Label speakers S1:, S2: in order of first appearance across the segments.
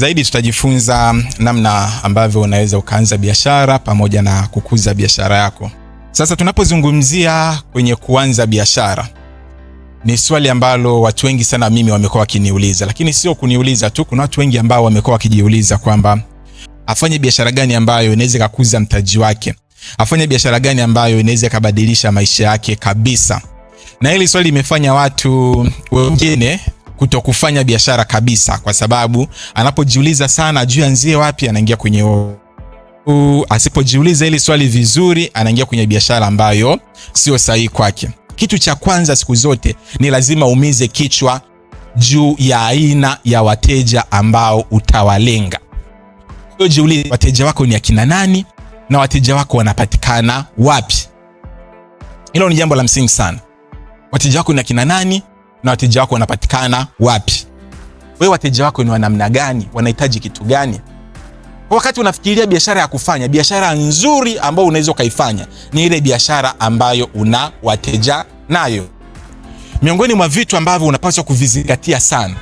S1: zaidi tutajifunza namna ambavyo unaweza ukaanza biashara pamoja na kukuza biashara yako. Sasa tunapozungumzia kwenye kuanza biashara, ni swali ambalo watu wengi sana mimi wamekuwa wakiniuliza, lakini sio kuniuliza tu, kuna watu wengi ambao wamekuwa wakijiuliza kwamba afanye biashara gani ambayo inaweza ikakuza mtaji wake, afanye biashara gani ambayo inaweza ikabadilisha maisha yake kabisa. Na hili swali limefanya watu wengine kutokufanya biashara kabisa, kwa sababu anapojiuliza sana juu anzie wapi, anaingia kwenye asipojiuliza hili swali vizuri, anaingia kwenye biashara ambayo sio sahihi kwake. Kitu cha kwanza siku zote ni lazima umize kichwa juu ya aina ya wateja ambao utawalenga. Jiulize wateja wako ni akina nani na wateja wako wanapatikana wapi. Hilo ni jambo la msingi sana. Wateja wako ni akina nani na wateja wako wanapatikana wapi? Wewe wateja wako ni wa namna gani? Wanahitaji kitu gani? Kwa wakati unafikiria biashara ya kufanya, biashara nzuri ambayo unaweza ukaifanya ni ile biashara ambayo una wateja nayo. Miongoni mwa vitu ambavyo unapaswa kuvizingatia sana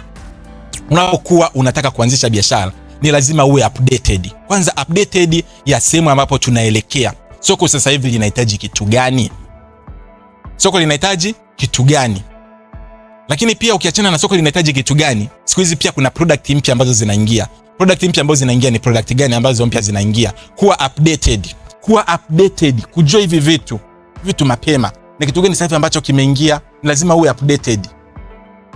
S1: unapokuwa unataka kuanzisha biashara ni lazima uwe updated. Kwanza updated ya sehemu ambapo tunaelekea. Soko sasa hivi linahitaji kitu gani? Soko linahitaji kitu gani? Lakini pia ukiachana na soko linahitaji kitu gani, siku hizi pia kuna product mpya ambazo zinaingia. Product mpya ambazo zinaingia ni product gani ambazo mpya zinaingia? Kuwa updated, kuwa updated, kujua hivi vitu vitu mapema. na kitu gani sasa ambacho kimeingia? Ni lazima uwe updated,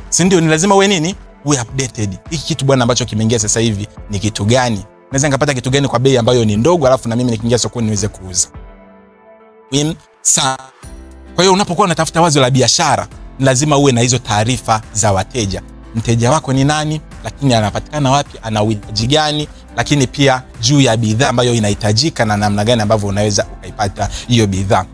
S1: si ndio? Ni lazima uwe nini, uwe updated. Hiki kitu bwana ambacho kimeingia sasa hivi ni kitu gani? Naweza ngapata kitu gani kwa bei ambayo ni ndogo, alafu na mimi nikiingia sokoni niweze kuuza. Kwa hiyo unapokuwa unatafuta wazo la biashara lazima uwe na hizo taarifa za wateja. Mteja wako ni nani, lakini anapatikana wapi, ana uhitaji gani, lakini pia juu ya bidhaa ambayo inahitajika na namna gani ambavyo unaweza ukaipata hiyo bidhaa.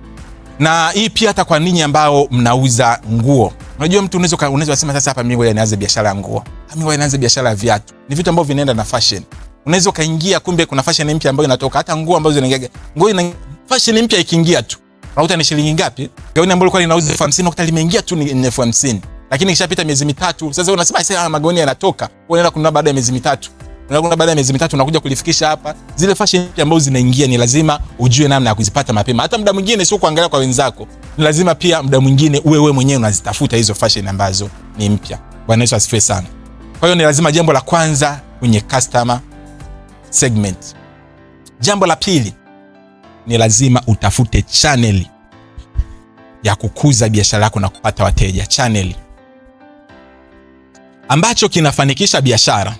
S1: Na hii pia hata kwa ninyi ambao mnauza nguo. Unajua mtu unaweza unaweza kusema sasa, hapa mimi ngoja nianze biashara ya nguo, mimi ah, ngoja nianze biashara ya viatu. Ni vitu ambavyo vinaenda na fashion. Unaweza kaingia, kumbe kuna fashion mpya ambayo inatoka, hata nguo ambazo zinaingia, nguo ina fashion mpya ikiingia tu nauta ni shilingi ngapi? Gauni ambalo kwa linauza elfu hamsini nakuta limeingia tu ni elfu hamsini lakini ikishapita miezi mitatu sasa unasema sasa haya magauni yanatoka, unaenda kununua baada ya miezi mitatu unakwenda baada ya miezi mitatu unakuja kulifikisha hapa. Zile fashion mpya ambazo zinaingia ni lazima ujue namna ya kuzipata mapema. Hata muda mwingine sio kuangalia kwa wenzako, ni lazima pia muda mwingine uwe wewe mwenyewe unazitafuta hizo fashion ambazo ni mpya. Bwana Yesu asifiwe sana. Kwa hiyo ni lazima, jambo la kwanza kwenye customer segment. Jambo la pili, ni lazima utafute chaneli ya kukuza biashara yako na kupata wateja. Chaneli ambacho kinafanikisha biashara,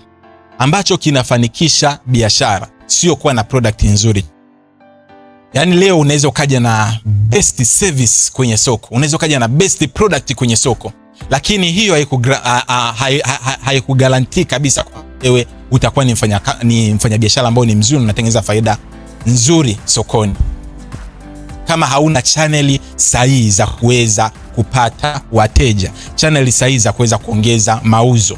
S1: ambacho kinafanikisha biashara sio kuwa na product nzuri. Yaani leo unaweza ukaja na best service kwenye soko, unaweza ukaja na best product kwenye soko, lakini hiyo haikugarantii kabisa kwa wewe utakuwa ni mfanyabiashara ambao ni mzuri unatengeneza faida nzuri sokoni kama hauna chaneli sahihi za kuweza kupata wateja, chaneli sahihi za kuweza kuongeza mauzo.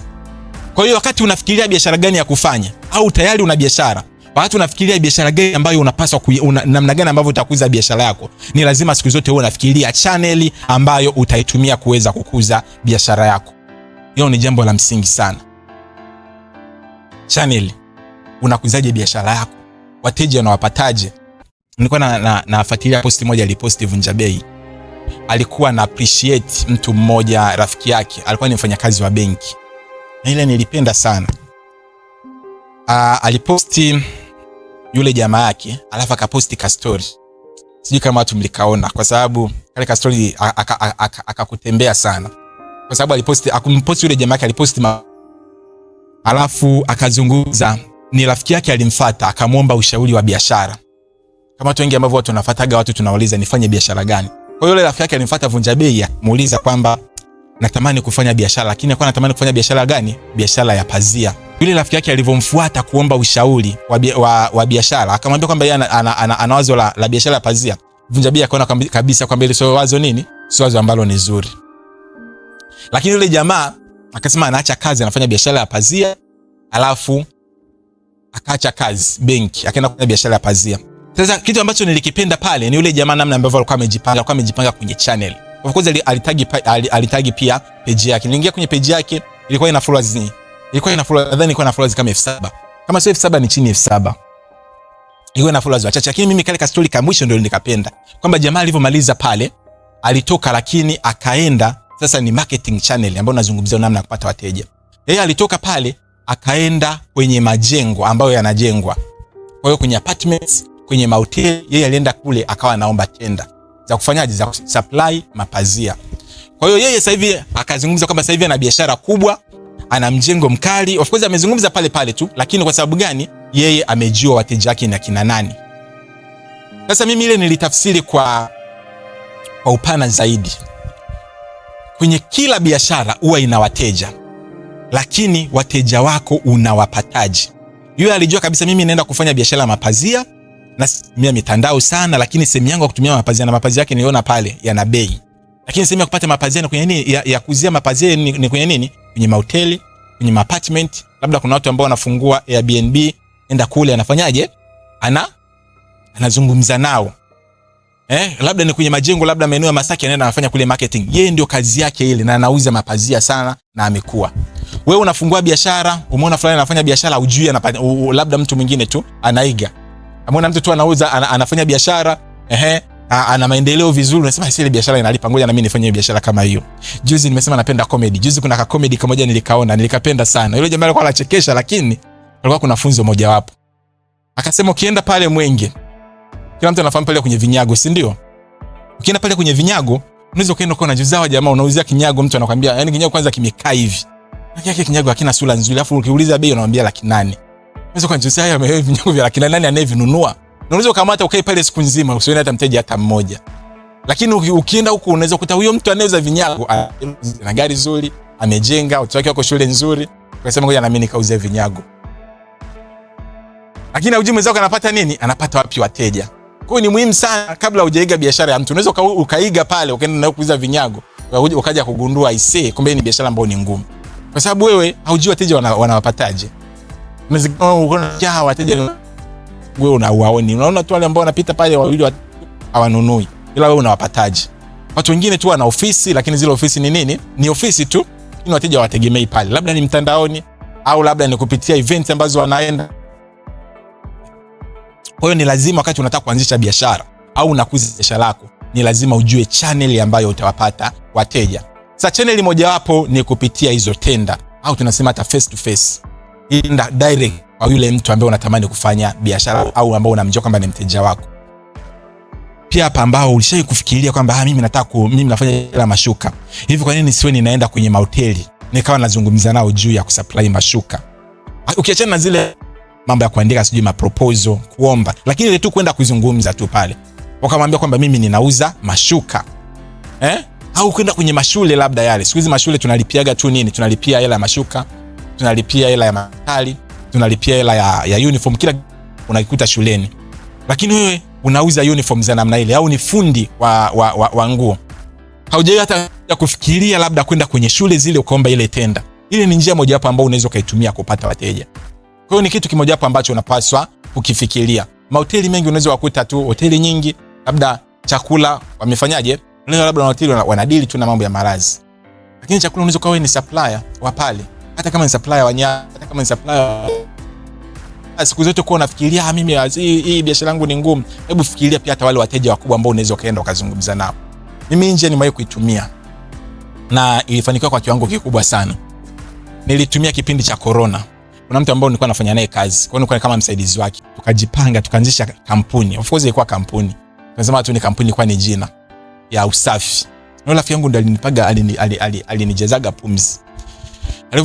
S1: Kwa hiyo wakati unafikiria biashara gani ya kufanya au tayari una biashara, wakati unafikiria biashara gani ambayo unapaswa una, namna gani ambavyo utakuza biashara yako, ni lazima siku zote uwe unafikiria chaneli ambayo utaitumia kuweza kukuza biashara yako. Hiyo ni jambo la msingi sana. Chaneli, unakuzaje biashara yako? wateja anawapataje? Nilikuwa na, na, nafuatilia posti moja aliposti vunja bei, alikuwa na appreciate mtu mmoja, rafiki yake alikuwa ni mfanyakazi wa benki, na ile nilipenda sana. Aa, aliposti yule jamaa yake, alafu akaposti ka story, sijui kama watu mlikaona, kwa sababu kale ka story akakutembea sana, kwa sababu aliposti akumposti yule jamaa yake aliposti ma... alafu akazungumza ni rafiki yake alimfata akamwomba ushauri wa biashara. Kama watu wengi ambao watu wanafataga watu tunawauliza nifanye biashara gani. Kwa hiyo yule rafiki yake alimfata Vunja Bei akamuuliza kwamba natamani kufanya biashara, lakini alikuwa anatamani kufanya biashara gani? Biashara ya pazia. Yule rafiki yake alivyomfuata kuomba ushauri wa, wa, wa biashara akamwambia kwamba yeye ana, ana, ana wazo la, la biashara ya pazia. Vunja Bei akaona kabisa kwamba ile sio wazo nini, sio wazo ambalo ni zuri. Lakini yule jamaa akasema anaacha kazi anafanya biashara ya pazia alafu akaacha kazi benki, akaenda kufanya biashara ya pazia. Sasa kitu ambacho nilikipenda pale ni yule jamaa, namna ambavyo alikuwa amejipanga, alikuwa amejipanga kwenye channel. Of course alitagi alitagi pia page yake. Niliingia kwenye page yake, ilikuwa ina followers ni ilikuwa ina followers, nadhani ilikuwa na followers kama 7000 kama sio 7000 ni chini 7000 ilikuwa na followers wachache, lakini mimi kale ka story ka mwisho ndio nikapenda kwamba jamaa alivyomaliza pale alitoka, lakini akaenda sasa ni marketing channel ambayo nazungumzia namna ya kupata wateja. Yeye alitoka pale akaenda kwenye majengo ambayo yanajengwa. Kwa hiyo kwenye apartments, kwenye mahoteli, yeye alienda kule akawa anaomba tenda za kufanyaje, za supply mapazia. Kwa hiyo yeye sasa hivi akazungumza kwamba sasa hivi ana biashara kubwa, ana mjengo mkali. Of course amezungumza pale pale tu, lakini kwa sababu gani? Yeye amejua wateja wake na kina nani. Sasa mimi ile nilitafsiri kwa, kwa upana zaidi. Kwenye kila biashara huwa ina wateja lakini wateja wako unawapataji? Yule alijua kabisa, mimi naenda kufanya biashara ya mapazia, na natumia mitandao sana, lakini sehemu yangu ya kutumia mapazia na mapazia yake niliona pale yana bei, lakini sehemu ya kupata mapazia ni kwenye nini, ya, ya kuzia mapazia ni, ni kwenye nini, kwenye mahoteli, kwenye apartment, labda kuna watu ambao wanafungua Airbnb, enda kule anafanyaje, ana anazungumza nao Eh, labda ni kwenye majengo labda maeneo ya Masaki anaenda anafanya kule marketing. Yeye ndio kazi yake ile na anauza mapazia sana na amekuwa wewe unafungua biashara, umeona fulani anafanya biashara, hujui labda mtu mwingine tu anaiga, amona mtu tu anauza ana, anafanya biashara ehe, ana maendeleo vizuri, unasema ile biashara inalipa, ngoja na mimi nifanye biashara kama hiyo. Juzi nimesema napenda comedy. Juzi kuna ka comedy kamoja nilikaona nilikapenda sana. Yule jamaa alikuwa anachekesha, lakini alikuwa kuna funzo moja wapo, akasema ukienda pale Mwenge, kila mtu anafahamu pale kwenye vinyago, si ndio? Ukienda pale kwenye vinyago unaweza ukaenda ukaona juzi, hawa jamaa unauzia kinyago, mtu anakuambia yani kinyago kwanza kimekaa hivi yake kinyago hakina sura nzuri, alafu ukiuliza bei unamwambia laki nane. Unaweza haya vinyago vya laki nane nani anayevinunua? Unaweza ukamata ukae pale siku nzima usione hata mteja hata mmoja. Lakini ukienda huko unaweza kukuta huyo mtu anayeuza vinyago ah, ana gari zuri, amejenga, watoto wake wako shule nzuri, ukasema ngoja na mimi nikauze vinyago. Lakini hujui mwenzako anapata nini? Anapata wapi wateja? Kwa hiyo ni muhimu sana kabla hujaiga biashara ya mtu. Unaweza ukaiga pale ukaenda na kuuza vinyago, ukaja kugundua ise, kumbe ni biashara ambayo ni ngumu kwa sababu wewe haujui wateja wanawapataje. Oh, Unajaa wateja wewe unawaoni, unaona tu wale ambao wanapita pale wawili hawanunui, ila wewe unawapataje? Watu wengine tu wana ofisi, lakini zile ofisi ni nini? Ni ofisi tu, lakini wateja pale, labda ni mtandaoni au labda ni kupitia ambazo wanaenda. Kwa hiyo ni lazima wakati unataka kuanzisha biashara au unakuza biashara ni lazima ujue channel ambayo utawapata wateja. Sa moja wapo ni kupitia hizo tenda au tunasema hata face to face, Inda direct kwa yule mtu ambaye unatamani kufanya biashara au ambao unamjua kwamba ni mteja wako. Pia hapa ambao ulishai kufikiria kwamba ah, mimi nataka mimi nafanya biashara mashuka hivi, kwa nini nisiwe ninaenda kwenye mahoteli nikawa nazungumza nao juu ya kusupply mashuka? Ah, ukiachana na zile mambo ya kuandika sijui ma proposal, kuomba, lakini ile tu kwenda kuzungumza tu pale, wakamwambia kwamba mimi ninauza mashuka eh au kwenda kwenye mashule labda yale. Siku hizi mashule tunalipiaga tu nini? Tunalipia hela ya mashuka, tunalipia hela ya makali, tunalipia hela ya, ya uniform, kila unakikuta shuleni. Lakini wewe unauza uniform za namna ile, au ni fundi wa, wa, wa, wa nguo, haujawahi hata ya kufikiria labda kwenda kwenye shule zile ukaomba ile tenda. Ile ni njia mojawapo ambayo unaweza ukaitumia kupata wateja. Kwa hiyo ni kitu kimojawapo ambacho unapaswa kukifikiria. Mahoteli mengi unaweza kukuta tu hoteli nyingi labda chakula wamefanyaje Leo labda hoteli wanadili tu na mambo ya maradhi, lakini chakula unaweza ni supplier wa pale, hata kama ni supplier wa nyama, hata kama ni supplier ah, siku zote kuwa unafikiria ah, mimi hii biashara yangu ni ngumu. Hebu fikiria pia hata wale wateja wakubwa ambao unaweza ukaenda ukazungumza nao. Mimi nimewahi kuitumia na ilifanikiwa kwa kiwango kikubwa sana. Nilitumia kipindi cha corona, kuna mtu ambao nilikuwa nafanya naye kazi, kwa nilikuwa kama msaidizi wake, tukajipanga tukaanzisha kampuni. Of course ilikuwa kampuni, tunasema tu ni kampuni, kwa ni jina ya usafi. Na rafiki yangu ndo alinipaga alinijezaga pumzi.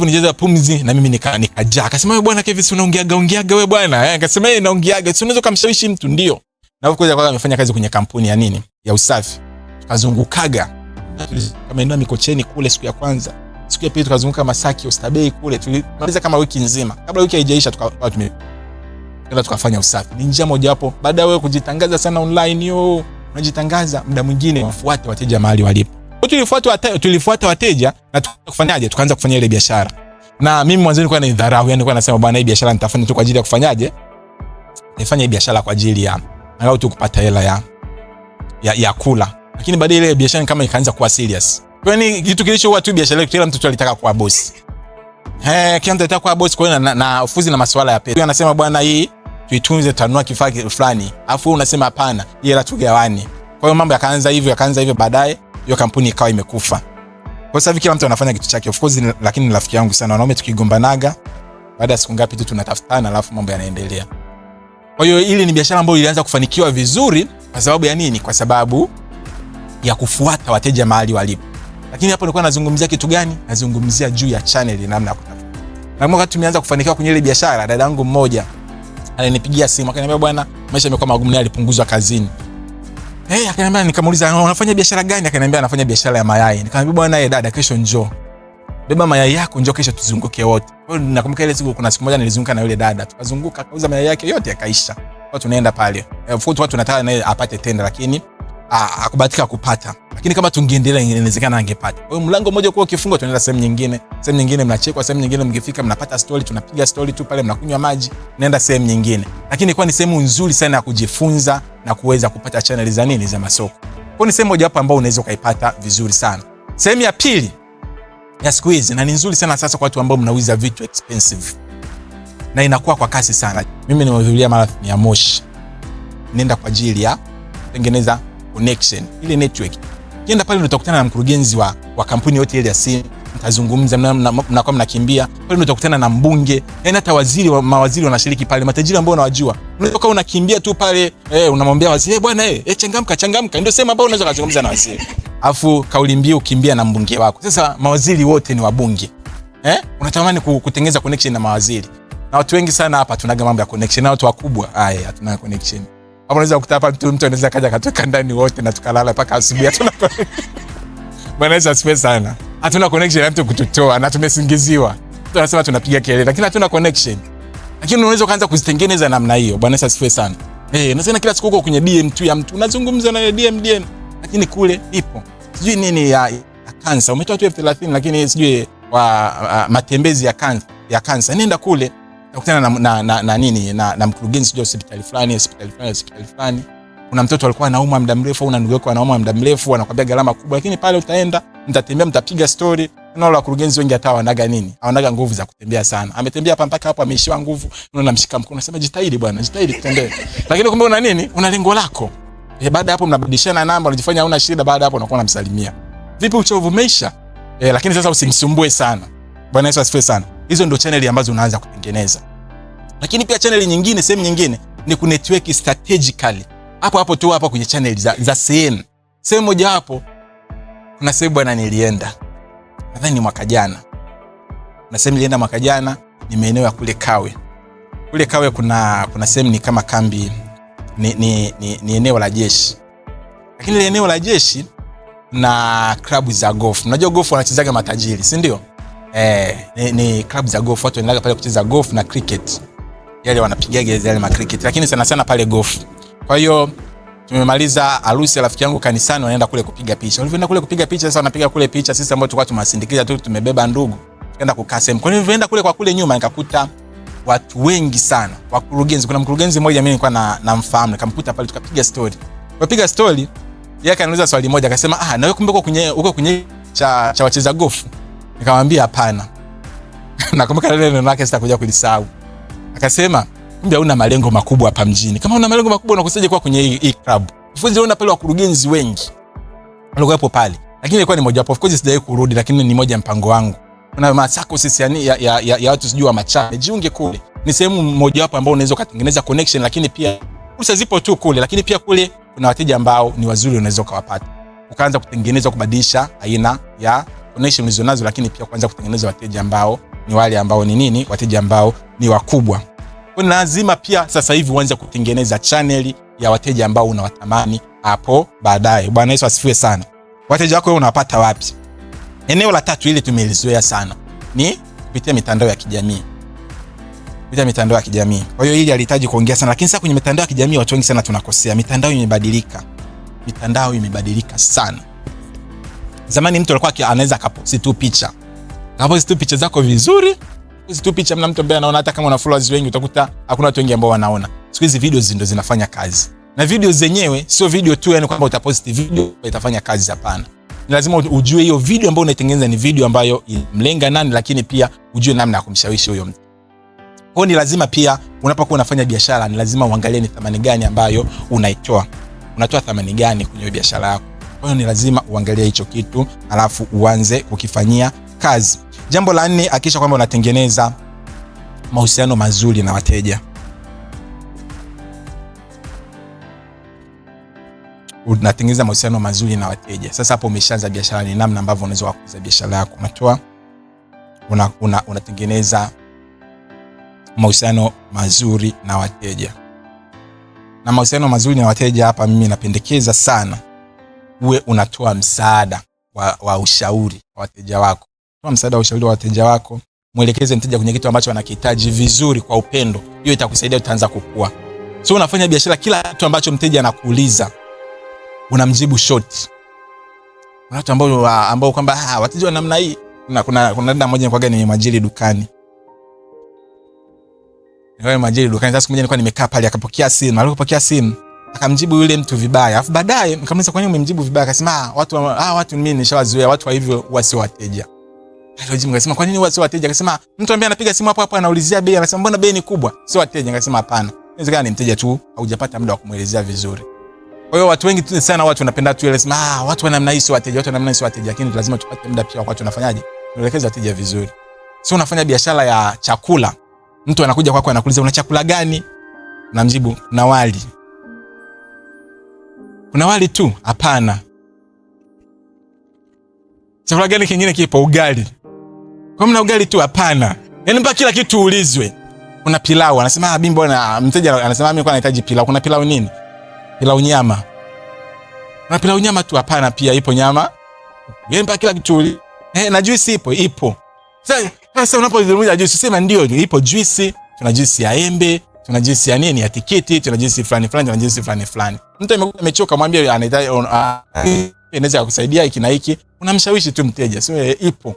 S1: nijeza pumzi na mimi nika nikaja Akasema wewe bwana Kevin, unaongeaga ongeaga wewe bwana. Eh, akasema yeye eh, naongeaga. Si unaweza kumshawishi mtu ndio. Na of kwanza amefanya kazi kwenye kampuni ya nini? Ya usafi. Tukazungukaga. Tukaenda Mikocheni kule siku ya kwanza. Siku ya pili tukazunguka Masaki, Ostabei kule. Tulimaliza kama wiki nzima. Kabla wiki haijaisha tukawa tumeenda tukafanya usafi. Ni njia moja wapo baada ya wewe kujitangaza sana online yo unajitangaza, muda mwingine wafuate wateja mahali walipo. Tulifuata wateja, tulifuata wateja na tukafanyaje, tukaanza kufanya ile biashara. Na mimi mwanzo nilikuwa naidharau, yani nilikuwa nasema bwana, hii biashara nitafanya tu kwa ajili ya kufanyaje, nifanye hii biashara kwa ajili ya angalau tu kupata hela ya ya, ya kula. Lakini baadaye ile biashara kama ikaanza kuwa serious, Kwa hiyo ni kitu kilichokuwa tu biashara, kila mtu alitaka kuwa boss. Eh, kila mtu alitaka kuwa boss kwa hiyo na, na, na ufuzi na masuala ya pesa. Anasema bwana, hii tuitunze, tanua kifaa fulani, afu unasema hapana, hii hela tugawani Kwa hiyo mambo yakaanza hivyo, yakaanza hivyo, baadaye hiyo kampuni ikawa imekufa. Kwa sababu kila mtu anafanya kitu chake, of course. Lakini rafiki yangu sana, wanaume tukigombanaga, baada ya siku ngapi tu tunatafutana, alafu mambo yanaendelea. Kwa hiyo ili ni biashara ambayo ilianza kufanikiwa vizuri. Kwa sababu ya nini? Kwa sababu ya kufuata wateja mahali walipo. Lakini hapo nilikuwa nazungumzia kitu gani? Nazungumzia juu ya channel, namna ya kutafuta. Na wakati tumeanza kufanikiwa kwenye ile biashara, dadangu mmoja alinipigia simu akaniambia, bwana, maisha yamekuwa magumu naye alipunguzwa kazini. Eh, akaniambia, nikamuuliza unafanya biashara gani? Akaniambia anafanya biashara ya mayai. Nikamwambia, bwana, eh dada, kesho njoo. Beba mayai yako njoo kesho tuzunguke wote. Kwa hiyo nakumbuka ile siku kuna siku moja nilizunguka na yule dada. Tukazunguka akauza mayai yake yote yakaisha. Kwa tunaenda pale. Of eh, course watu tunataka naye apate tenda lakini hakubahatika kupata. Lakini kama tungeendelea inawezekana angepata. Kwa hiyo mlango mmoja kwa ukifungwa tunaenda sehemu nyingine. Sehemu nyingine mnachekwa, sehemu nyingine mkifika mnapata story, tunapiga story tu pale mnakunywa maji naenda sehemu nyingine, lakini ilikuwa ni sehemu nzuri sana ya kujifunza na kuweza kupata chaneli za nini za masoko. Kwa ni sehemu mojawapo ambayo unaweza ukaipata vizuri sana. Sehemu ya pili ya siku hizi na ni nzuri sana sasa kwa watu ambao mnauza vitu expensive na inakuwa kwa kasi sana. Mimi nimehudhuria marathon ya Moshi, nenda kwa ajili ya kutengeneza connection ile network. Kienda pale utakutana na mkurugenzi wa, wa kampuni yote ile ya simu mtazungumza, mnakuwa mnakimbia pale, utakutana na mbunge, yani hata waziri wa mawaziri wanashiriki pale, matajiri ambao unawajua, unatoka unakimbia tu pale eh, unamwambia waziri hey, eh, bwana eh, eh, changamka changamka, ndio sema ambao unaweza kuzungumza na waziri, afu kauli mbiu kimbia na mbunge wako. Sasa mawaziri wote ni wabunge eh, unatamani kutengeneza connection na mawaziri, na watu wengi sana hapa tunaga mambo ya connection na watu wakubwa, haya hatuna connection hapo. Unaweza kukuta hapa mtu mtu anaweza kaja katoka ndani wote na tukalala mpaka asubuhi, hatuna connection. Bwana Yesu sana hatuna connection na mtu kututoa, na tumesingiziwa. Mtu anasema tunapiga kelele, lakini hatuna connection. Lakini unaweza kuanza kuzitengeneza namna hiyo. Bwana Yesu asifiwe sana. Eh, nasema kila siku uko kwenye DM tu ya mtu unazungumza na DM DM, lakini kule ipo sijui nini ya, ya kansa umetoa tu elfu thelathini lakini sijui wa a, a, matembezi ya kansa ya kansa, nenda kule nakutana na, na, na, na nini na, na mkurugenzi sijui hospitali fulani hospitali fulani hospitali fulani kuna mtoto alikuwa anauma muda mrefu au ndugu yako anauma muda mrefu, anakwambia gharama kubwa, lakini pale utaenda mtatembea, mtapiga stori. Unaona wakurugenzi wengi hata wanaga nini? awanaga nguvu za kutembea sana. Ametembea hapa mpaka hapo ameishiwa nguvu. Unaona namshika mkono, nasema jitahidi bwana, jitahidi kutembea. Lakini kumbe una nini? Una lengo lako. E, baada hapo mnabadilishana namba, unajifanya huna shida, baada hapo unakuwa unamsalimia. Vipi uchovu umeisha? E, lakini sasa usimsumbue sana. Bwana Yesu asifiwe sana. Hizo ndio channel ambazo unaanza kutengeneza. Lakini pia channel nyingine, sehemu nyingine ni ku network strategically. Hapo hapo tu hapo kwenye channel za, za sehemu. Sehemu moja hapo kuna sehemu bwana, nilienda nadhani ni mwaka jana, na sehemu nilienda mwaka jana ni maeneo ya kule Kawe. Kule Kawe kuna kuna sehemu ni kama kambi, ni, ni, ni, ni eneo la jeshi, lakini ile eneo la jeshi na klabu za golf. Unajua golf wanachezaga matajiri, si ndio? Eh, ni, ni klabu za golf, watu wanaenda pale kucheza golf na cricket, yale wanapigaga yale ma cricket, lakini sana sana pale golf. Kwa hiyo tumemaliza harusi, rafiki yangu kanisani, wanaenda kule kupiga picha. Walivyoenda kule kupiga picha, sasa wanapiga kule picha, sisi ambao tulikuwa tumasindikiza tu, tumebeba ndugu, tukaenda kukaa sehemu. Kwa nilivyoenda kule kwa kule nyuma, nikakuta watu wengi sana, wakurugenzi. Kuna mkurugenzi mmoja mimi nilikuwa na namfahamu, nikamkuta pale, tukapiga story. Tukapiga story, yeye akaniuliza swali moja, akasema ah, na wewe kumbe uko kwenye uko kwenye cha cha wacheza gofu? Nikamwambia hapana. Nakumbuka lile neno lake, sitakuja kulisahau. Akasema kumbe una malengo makubwa hapa mjini. Kama una malengo makubwa unakosaje kwa kwenye hii club? Of course unaona pale wakurugenzi wengi walikuwa pale, lakini ilikuwa ni moja wapo. Of course sijawahi kurudi, lakini ni moja mpango wangu. Kuna masako sisi yani ya, ya, ya, ya watu sijui wa machache, jiunge kule. Ni sehemu moja wapo ambao unaweza kutengeneza connection, lakini pia fursa zipo tu kule, lakini pia kule kuna wateja ambao ni wazuri, unaweza ukawapata ukaanza kutengeneza, kubadilisha aina ya connection ulizonazo, lakini pia kuanza kutengeneza wateja ambao ni wale ambao ni nini, wateja ambao ni wakubwa lazima pia sasa hivi uanze kutengeneza chaneli ya wateja ambao unawatamani hapo baadaye. Bwana Yesu asifiwe sana. Wateja wako wewe unawapata wapi? Eneo la tatu ile tumelizoea sana ni kupitia mitandao ya kijamii kupitia mitandao ya kijamii. Kwa hiyo hili alihitaji kuongea sana, lakini sasa kwenye mitandao ya kijamii watu wengi sana tunakosea. Mitandao imebadilika, mitandao imebadilika sana. Zamani mtu alikuwa anaweza akaposti tu picha, akaposti tu picha zako vizuri, hizi tu picha mna mtu ambaye anaona, hata kama una followers wengi utakuta hakuna watu wengi ambao wanaona. Siku hizi zinafanya kazi, na zenyewe sio video tu, yani kwamba video itafanya kazi, hapana. Ni lazima ujue hiyo video ambayo unaitengeneza ni video ambayo nani, lakini pia ujue namna ya kumshawishi huyo mtu. Kwa ni lazima pia unapokuwa unafanya biashara, ni lazima uangalie ni thamani gani ambayo unaitoa, unatoa thamani gani kwenye biashara yako. Kwa hiyo ni lazima uangalie hicho kitu, alafu uanze kukifanyia kazi. Jambo la nne, hakikisha kwamba unatengeneza mahusiano mazuri na wateja. Unatengeneza mahusiano mazuri na wateja. Sasa hapo umeshaanza biashara, ni namna ambavyo unaweza kukuza biashara yako. Unatoa una, una, unatengeneza mahusiano mazuri na wateja. Na mahusiano mazuri na wateja, hapa mimi napendekeza sana uwe unatoa msaada wa, wa ushauri kwa wateja wako toa msaada wa ushauri wa wateja wako, mwelekeze mteja kwenye kitu ambacho anakihitaji vizuri kwa upendo. Hiyo itakusaidia, utaanza kukua. So unafanya biashara, kila kitu ambacho mteja anakuuliza unamjibu short. Kuna watu ambao ambao kwamba ah, wateja wa namna hii. Kuna kuna kuna dada mmoja nilikuwa ni mwajiri dukani, nilikuwa mwajiri dukani. Sasa mmoja nilikuwa nimekaa pale, akapokea simu, alipokea simu akamjibu yule mtu vibaya, afu baadaye nikamuuliza kwa nini umemjibu vibaya? Akasema ah, watu ah, watu mimi nishawazoea watu wa hivyo wasiwateja Leo ngasema kwa nini huwa sio wateja? Akasema mtu ambaye anapiga simu hapo hapo anaulizia bei, anasema mbona bei ni kubwa? Sio wateja. Ngasema hapana, inawezekana ni mteja tu haujapata muda wa kumuelezea vizuri. Kwa hiyo watu wengi sana, watu wanapenda tu ile sema ah, watu wa namna hii sio wateja, watu wa namna hii sio wateja, lakini lazima tupate muda pia wakati tunafanyaje, tuelekeze wateja vizuri. Sio unafanya biashara ya chakula, mtu anakuja kwako anakuuliza una chakula gani? Namjibu na wali. Kuna wali tu? Hapana. Chakula gani kingine kipo? Ugali. Kwa mna ugali tu hapana. yani mpaka kila kitu ulizwe. Kuna pilau anasema ah, bimbo na mteja anasema mimi kwa nahitaji pilau. Kuna pilau nini? Pilau nyama. Kuna pilau nyama tu hapana, pia ipo nyama. Yaani mpaka kila kitu uli... Eh, na juisi ipo, ipo. Sasa sasa unapozungumza juisi sema ndio ipo juisi. Tuna juisi ya embe, tuna juisi ya nini ya tikiti, tuna juisi fulani fulani, tuna juisi fulani fulani. Mtu amechoka mwambie anahitaji ah, eh. inaweza kukusaidia hiki na hiki. Unamshawishi tu mteja, sio eh, ipo.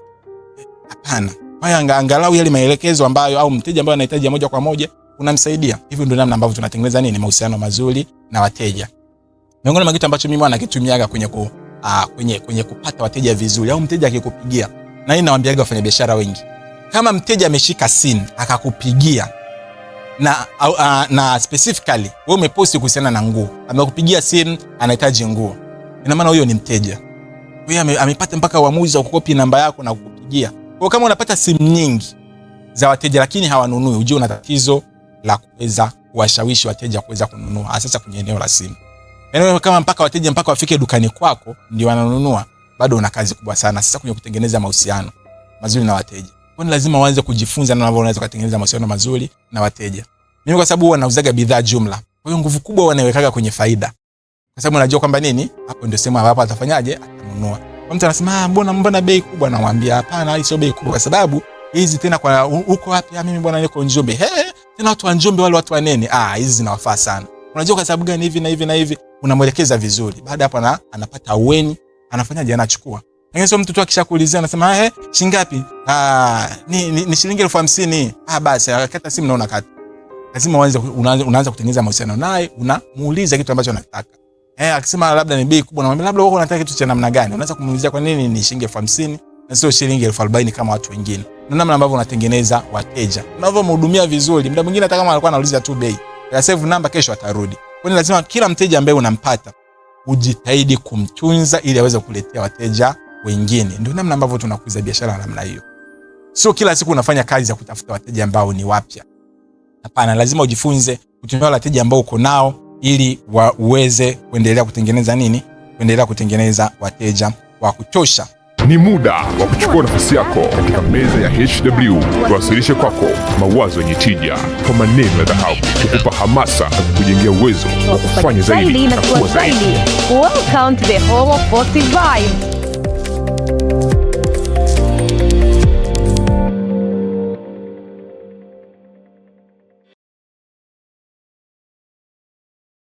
S1: Hapana. Haya, angalau yale maelekezo ambayo au mteja ambaye anahitaji moja kwa moja unamsaidia. Hivyo ndio namna ambavyo tunatengeneza nini mahusiano mazuri na wateja. Miongoni mwa kitu ambacho mimi wanakitumiaga kwenye ku, a, ah, kwenye kwenye kupata wateja vizuri au mteja akikupigia. Na hii nawaambiaga wafanyabiashara wengi. Kama mteja ameshika simu akakupigia na, a, ah, na specifically wewe umeposti kuhusiana na nguo, amekupigia simu anahitaji nguo, ina maana huyo ni mteja. Wewe amepata mpaka uamuzi wa kukopi namba yako na kukupigia. Kwa kama unapata simu nyingi za wateja lakini hawanunui, ujue una tatizo la kuweza kuwashawishi wateja kuweza kununua, hasa kwenye eneo la simu. Yaani kama mpaka wateja mpaka wafike dukani kwako ndio wananunua, bado una kazi kubwa sana sasa kwenye kutengeneza mahusiano mazuri na wateja. Kwa ni lazima uanze kujifunza na unavyo unaweza kutengeneza mahusiano mazuri na wateja. Mimi kwa sababu huwa nauzaga bidhaa jumla, kwa hiyo nguvu kubwa wanaiwekaga kwenye faida, kwa sababu najua kwamba nini, hapo ndio sehemu ambapo atafanyaje, atanunua. Mtu anasema ah, mbona mbona bei kubwa, namwambia hapana, hii sio bei kubwa, kwa sababu hizi tena kwa huko wapi? Ah, mimi bwana niko Njombe. He, tena watu wa Njombe wale watu wanene, ah, hizi zinawafaa sana. Unajua kwa sababu gani? Hivi na hivi na hivi, unamwelekeza vizuri. Baada hapo ana, anapata aweni, anafanyaje? Anachukua. Lakini sio mtu tu akishakuulizia anasema ah, he, shilingi ngapi? Ah, ni, ni, ni shilingi elfu hamsini. Ah, basi akakata simu, naona kata. Lazima uanze unaanza kutengeneza mahusiano naye, unamuuliza kitu ambacho anataka Eh, akisema labda ni bei kubwa, namwambia labda wewe unataka kitu cha namna gani? Unaweza kumuulizia kwa nini ni shilingi elfu hamsini na sio shilingi elfu arobaini kama watu wengine. Na namna ambavyo unatengeneza wateja, unavyomhudumia vizuri. Mda mwingine hata kama alikuwa anauliza tu bei, ya save namba, kesho atarudi. Kwani lazima kila mteja ambaye unampata ujitahidi kumtunza ili aweze kuletea wateja wengine. Ndio namna ambavyo tunakuza biashara namna hiyo. Sio kila siku unafanya kazi ya kutafuta wateja ambao ni wapya. Hapana, lazima ujifunze kutumia wateja ambao uko nao ili waweze kuendelea kutengeneza nini, kuendelea kutengeneza wateja wa kutosha.
S2: Ni muda wa kuchukua nafasi yako katika meza ya HW, tuwasilishe kwako mawazo yenye tija kwa maneno ya dhahabu, kukupa hamasa na kukujengea uwezo wa kufanya zaidi na kuwa zaidi. Welcome to the Home of Positive Vibes.